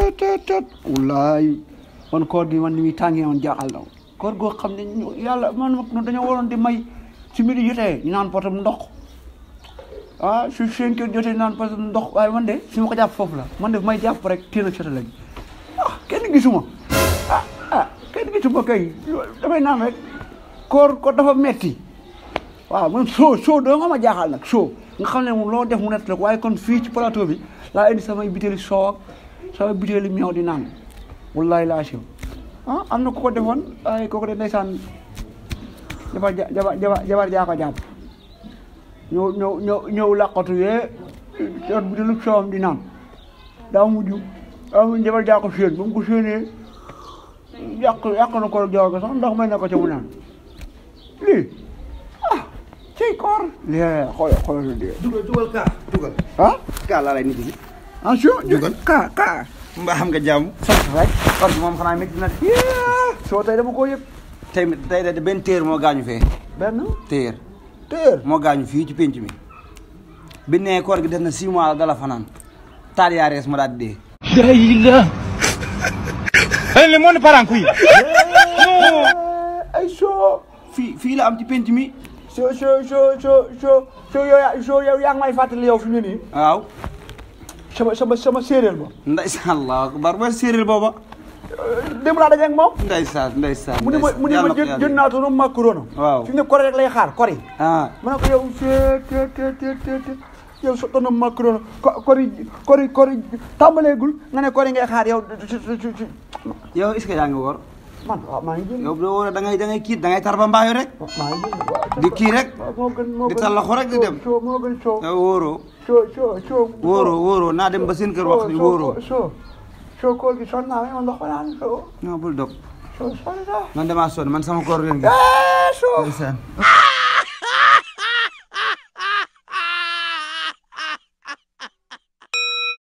tët tët tët wallaay man koor gi man ni muy tàngee man jaaxal na koor goo xam ne yàlla man ma dañoo waroon di may su midi jotee ñu naan potam ndox ah su cinq heures jotee ñu naan potam ndox waaye man de su ma ko jàpp foofu la man de may jàpp rek téen ak sota lañ ah kenn gisuma ah ah kenn gisuma kay damay naan rek koor ko dafa metti waaw man soo soo doo nga ma jaaxal nag soo nga xam ne moom loo def mu nett la waaye kon fii ci plateau bi laa indi samay bitéeli soo saa butéeli meew di naan wallaay laa siw ah, am na ko defoon ay kooku de ndeysaan jabar jabar jabar jaa ko jàpp ñëw ñëw ñëw ñëw làqatu yee yor butéelu soowam di naan daa mujj daa mujj jabar jaa ko séen ko séenee yàq yàq na ko jawar ko sax ndax may na ko ca mu naan lii ah ci koor lii xool xool dugal dugal kaa dugal ah kaa laa lay nit ñi ah soo jógal kaa kaa mbaa xam nga jàmm sant rek parce que soo tey dama koo yëg tey tey de benn moo gaañu fee benn téer téer moo gaañu fii ci pénc mi bi koor gi def na six mois la fanaan taal yaa rees ma daal di dee dayi la li soo fii fii am ci pénc mi soo soo soo soo may fàttali yow fi mu sama sama sama séeréer ba. ndeysaan allahu akbar mooy séeréer booba. démb laa dajeeg moom. ndeysaan ndeysaan mu ne ma mu ne ma jënd naa tunu macaroni. waaw fi mu ne kori ma ne ko yow te kori nga ne kori ngay xaar yow. yow yaa ngi woor. man waaw maa ngi jéem yow doo wóor ngay da ngay kii da ngay tarba mbaayu rek. di kii rek. di tallaxu rek di dem. moo gën co co co. wóoroo wóoroo naa dem ba seen kër wax. wóoroo soo soo koor gi sonn naa ma ndox ma naan soo. non bul dog. soo sonn naa. man damaa sonn man sama koor leen gi. Eh, soo.